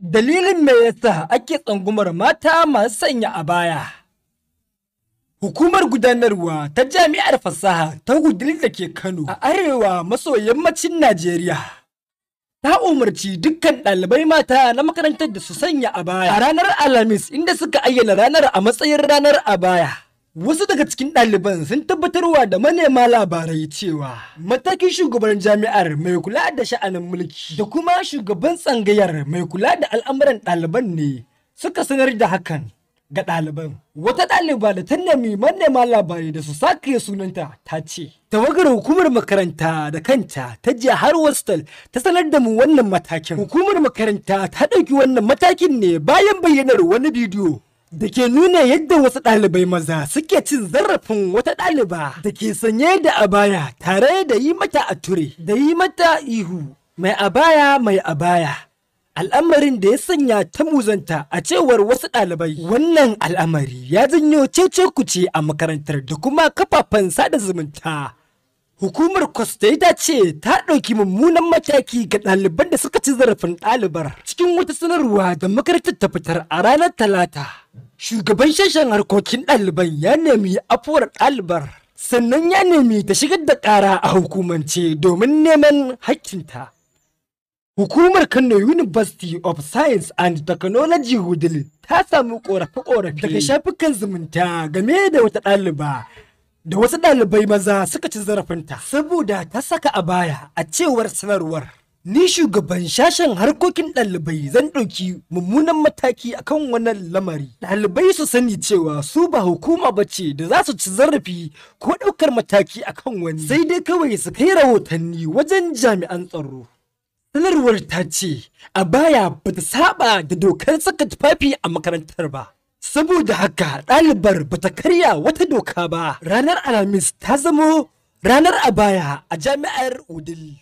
Dalilin me yasa ake tsangumar mata masu sanya a baya? Hukumar gudanarwa ta Jami'ar Fasaha ta Wudil da ke Kano a arewa maso yammacin Najeriya. Ta umarci dukkan ɗalibai mata na makarantar da su sanya a baya a ranar Alhamis inda suka ayyana ranar a matsayin ranar a baya. Wasu daga cikin ɗaliban sun tabbatarwa da manema labarai cewa matakin shugaban jami'ar mai kula da sha'anin mulki da kuma shugaban tsangayar mai kula da al'amuran ɗaliban ne suka sanar da hakan ga ɗaliban. Wata ɗaliba da ta nemi manema labarai da su sake sunanta ta ce, tawagar hukumar makaranta da kanta ta je har hostel ta sanar da mu wannan matakin. Hukumar makaranta ta ɗauki wannan matakin ne bayan bayyanar wani bidiyo da ke nuna yadda wasu ɗalibai maza suke cin zarafin wata ɗaliba da ke sanye da abaya tare da yi mata a ture da yi mata ihu mai abaya mai abaya al'amarin da ya sanya ta muzanta a cewar wasu ɗalibai wannan al'amari ya janyo cece kuce a makarantar da kuma kafafen sada zumunta Hukumar Kwas ta ce ta ɗauki mummunan mataki ga ɗaliban da suka ci zarafin ɗalibar cikin wata sanarwa da makarantar ta fitar a ranar Talata. Shugaban sashen harkokin ɗaliban ya nemi afuwar ɗalibar sannan ya nemi ta shigar da ƙara a hukumance domin neman hakkinta. Hukumar Kano University of Science and Technology Hudil, ta samu ƙorafe-ƙorafe daga shafukan zumunta game da wata ɗaliba da wasu ɗalibai maza suka ci zarafinta saboda ta saka a baya a cewar sanarwar. Ni shugaban sashen harkokin ɗalibai zan ɗauki mummunan mataki akan wannan lamari. Ɗalibai su sani cewa su ba hukuma ba ce da za su ci zarafi ko ɗaukar mataki akan wani. Sai dai kawai su kai rahotanni wajen jami'an tsaro. Sanarwar ta ce, a baya bata ta saba da dokar saka tufafi a makarantar ba. Saboda haka ɗalibar ba ta karya wata doka ba ranar Alhamis ta zamo ranar a baya a jami'ar Udil.